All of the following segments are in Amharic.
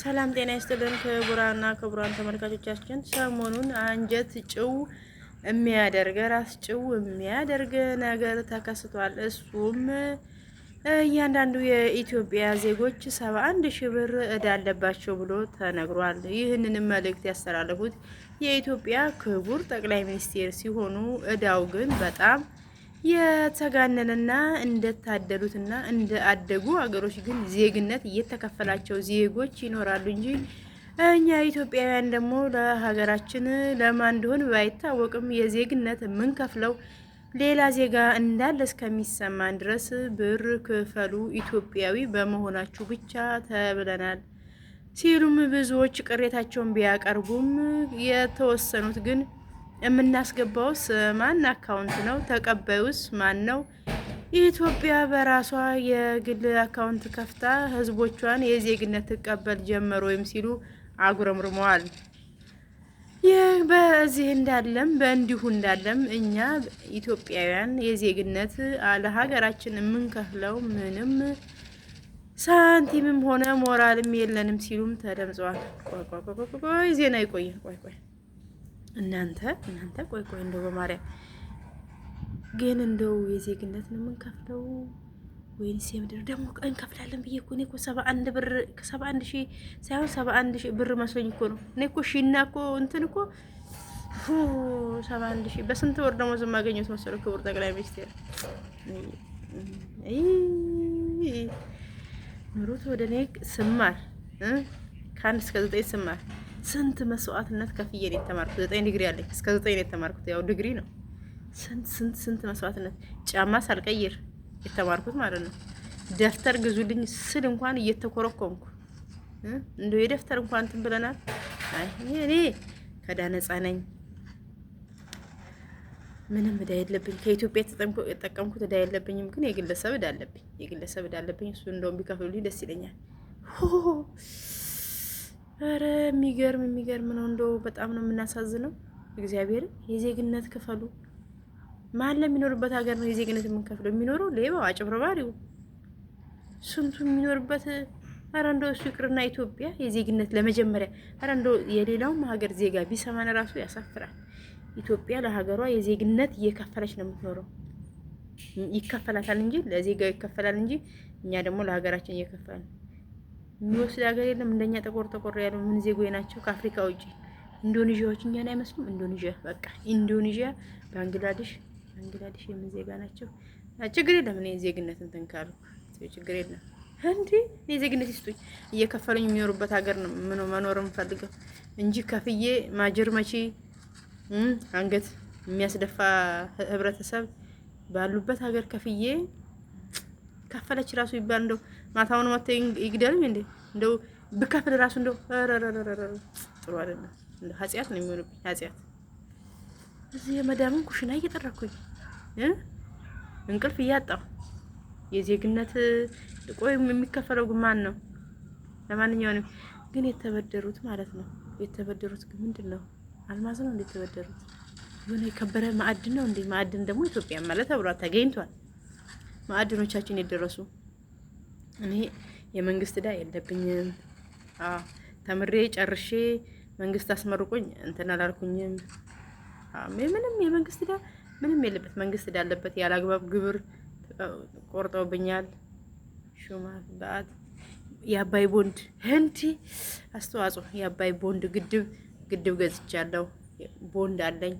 ሰላም ጤና ይስጥልን ክቡራና ክቡራን ተመልካቾቻችን። ሰሞኑን አንጀት ጭው የሚያደርግ ራስ ጭው የሚያደርግ ነገር ተከስቷል። እሱም እያንዳንዱ የኢትዮጵያ ዜጎች 71 ሺህ ብር እዳ አለባቸው ብሎ ተነግሯል። ይህንንም መልእክት ያስተላለፉት የኢትዮጵያ ክቡር ጠቅላይ ሚኒስቴር ሲሆኑ እዳው ግን በጣም የተጋነነና እንደታደሉትና እንደ አደጉ ሀገሮች ግን ዜግነት እየተከፈላቸው ዜጎች ይኖራሉ እንጂ እኛ ኢትዮጵያውያን ደግሞ ለሀገራችን ለማን እንደሆን ባይታወቅም የዜግነት የምንከፍለው ሌላ ዜጋ እንዳለ እስከሚሰማን ድረስ ብር ክፈሉ ኢትዮጵያዊ በመሆናችሁ ብቻ ተብለናል ሲሉም ብዙዎች ቅሬታቸውን ቢያቀርቡም የተወሰኑት ግን የምናስገባውስ ማን አካውንት ነው? ተቀባዩስ ማን ነው? የኢትዮጵያ በራሷ የግል አካውንት ከፍታ ህዝቦቿን የዜግነት ትቀበል ጀመር ወይም ሲሉ አጉረምርመዋል። ይህ በዚህ እንዳለም በእንዲሁ እንዳለም እኛ ኢትዮጵያውያን የዜግነት ለሀገራችን የምንከፍለው ምንም ሳንቲምም ሆነ ሞራልም የለንም ሲሉም ተደምጸዋል። ቆይ ቆይ ቆይ ዜና ይቆያል። ቆይ ቆይ እናንተ እናንተ ቆይ ቆይ እንደው በማርያም ግን እንደው የዜግነት ነው የምንከፍለው ወይንስ የምድር ደግሞ እንከፍላለን ብዬ እኮ እኔ እኮ ሰባ አንድ ብር ሰባ አንድ ሺህ ሳይሆን ሰባ አንድ ሺህ ብር መስሎኝ እኮ ነው እኔ እኮ ሺና እኮ እንትን እኮ ሰባ አንድ ሺህ በስንት ወር ደግሞ ዝም ማገኘት መሰለ ክቡር ጠቅላይ ሚኒስቴር ኑሮ ተወደ እኔ ስማር ከአንድ እስከ ዘጠኝ ስማር ስንት መስዋዕትነት ከፍዬ ነው የተማርኩት። ዘጠኝ ዲግሪ አለኝ። እስከ ዘጠኝ ነው የተማርኩት። ያው ዲግሪ ነው። ስንት ስንት ስንት መስዋዕትነት ጫማ ሳልቀይር የተማርኩት ማለት ነው። ደፍተር ግዙልኝ ስል እንኳን እየተኮረኮንኩ እንደ የደፍተር እንኳን እንትን ብለናል። እኔ ከዕዳ ነፃ ነኝ። ምንም ዕዳ የለብኝ። ከኢትዮጵያ የጠቀምኩት ዕዳ የለብኝም፣ ግን የግለሰብ ዕዳ አለብኝ። የግለሰብ ዕዳ አለብኝ። እሱ እንደውም ቢከፍሉልኝ ደስ ይለኛል። ኧረ የሚገርም የሚገርም ነው። እንደው በጣም ነው የምናሳዝነው። እግዚአብሔር የዜግነት ክፈሉ። ማን ለሚኖርበት ሀገር ነው የዜግነት የምንከፍለው? የሚኖረው ሌባው፣ አጭበርባሪው፣ ስንቱ የሚኖርበት ኧረ እንደው እሱ ይቅርና ኢትዮጵያ የዜግነት ለመጀመሪያ ኧረ እንደው የሌላውም ሀገር ዜጋ ቢሰማን ራሱ ያሳፍራል። ኢትዮጵያ ለሀገሯ የዜግነት እየከፈለች ነው የምትኖረው። ይከፈላታል እንጂ ለዜጋው ይከፈላል እንጂ እኛ ደግሞ ለሀገራችን እየከፈልን የሚወስድ ሀገር የለም። እንደኛ ጠቆር ጠቆር ያሉ ምን ዜጎች ናቸው? ከአፍሪካ ውጭ ኢንዶኔዥያዎች እኛን አይመስሉም። ኢንዶኔዥያ በቃ ኢንዶኔዥያ፣ ባንግላዴሽ ባንግላዴሽ የምን ዜጋ ናቸው? ችግር የለም። እኔ ዜግነት እንትን ካሉ ችግር የለም። እንዲ እኔ ዜግነት ይስጡኝ። እየከፈሉኝ የሚኖሩበት ሀገር ነው ምን መኖር ምፈልገው እንጂ ከፍዬ ማጅር መቺ አንገት የሚያስደፋ ህብረተሰብ ባሉበት ሀገር ከፍዬ ከፈለች ራሱ ይባል እንደው ማታውን መተ ይግደልም እንዴ እንደው ብከፍል ራሱ እንደው ጥሩ አይደለም። ኃጢአት ነው የሚሆንብኝ ኃጢአት። እዚህ የመዳምን ኩሽና እየጠረኩኝ እንቅልፍ እያጣሁ የዜግነት ቆይ የሚከፈለው ግማን ነው። ለማንኛውም ግን የተበደሩት ማለት ነው የተበደሩት ግን ምንድን ነው? አልማዝ ነው እንደ የተበደሩት የሆነ የከበረ ማዕድን ነው እንዴ ማዕድን ደግሞ ኢትዮጵያ ማለት ተብሏል ተገኝቷል። ማዕድኖቻችን የደረሱ እኔ የመንግስት ዳ የለብኝም። ተምሬ ጨርሼ መንግስት አስመርቆኝ እንትን አላልኩኝም። ምንም የመንግስት ዕዳ ምንም የለበት። መንግስት ዕዳ አለበት። ያለአግባብ ግብር ቆርጠውብኛል። ሹማት በአት የአባይ ቦንድ ህንቲ አስተዋጽኦ የአባይ ቦንድ ግድብ ግድብ ገዝቻለሁ። ቦንድ አለኝ።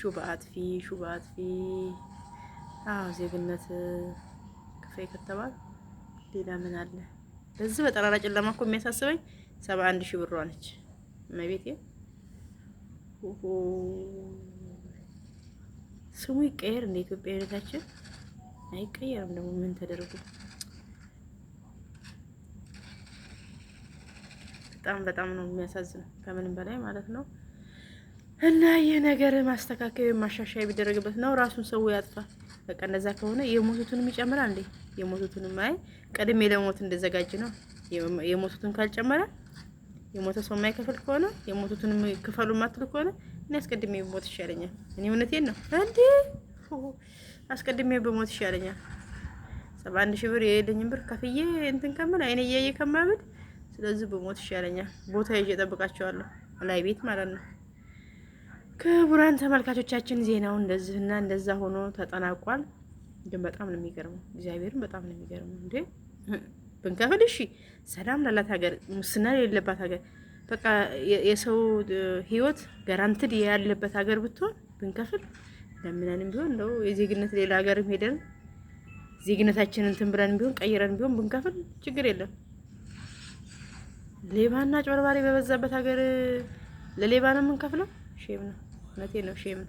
ሹባአት ፊ ሹባአት ፊ አዎ ዜግነት ክፍያ ከተባለ ሌላ ምን አለ? በዚህ በጠራራ ጨለማ እኮ የሚያሳስበኝ ሰባ አንድ ሺህ ብሯ ነች። እመቤቴ ስሙ ይቀየር እንደ ኢትዮጵያዊነታችን አይቀየርም። ደግሞ ምን ተደርጎ በጣም በጣም ነው የሚያሳዝነው፣ ከምንም በላይ ማለት ነው። እና ይህ ነገር ማስተካከያ ወይም ማሻሻያ ቢደረግበት ነው። ራሱን ሰው ያጥፋል። በቃ እንደዛ ከሆነ የሞቱትንም ይጨምራል እንዴ? የሞቱትንም ማይ ቀድሜ ለሞት እንደዘጋጅ ነው። የሞቱትን ካልጨመረ የሞተ ሰው የማይከፍል ከሆነ የሞቱትንም ክፈሉ ማትል ከሆነ እኔ አስቀድሜ በሞት ይሻለኛል። እኔ እውነቴን ነው እንዴ አስቀድሜ በሞት ይሻለኛል። ሰባ አንድ ሺህ ብር የሌለኝም ብር ከፍዬ እንትን ከምል አይኔ እያየ ከማብድ ስለዚህ በሞት ይሻለኛል። ቦታ ይዤ እጠብቃቸዋለሁ። ላይ ቤት ማለት ነው። ክቡራን ተመልካቾቻችን ዜናው እንደዚህና እንደዛ ሆኖ ተጠናቋል። ግን በጣም ነው የሚገርመው፣ እግዚአብሔርን በጣም ነው የሚገርመው። እንዴ ብንከፍል እሺ፣ ሰላም ላላት ሀገር፣ ሙስና የሌለባት ሀገር፣ በቃ የሰው ህይወት ጋራንትድ ያለበት ሀገር ብትሆን ብንከፍል ለምነንም ቢሆን እንደው የዜግነት ሌላ ሀገርም ሄደን ዜግነታችንን ትንብረን ብለን ቢሆን ቀይረን ቢሆን ብንከፍል ችግር የለም። ሌባና ጨርባሬ በበዛበት ሀገር ለሌባ ነው የምንከፍለው። ሼም ነው። እውነቴ ነው ሼም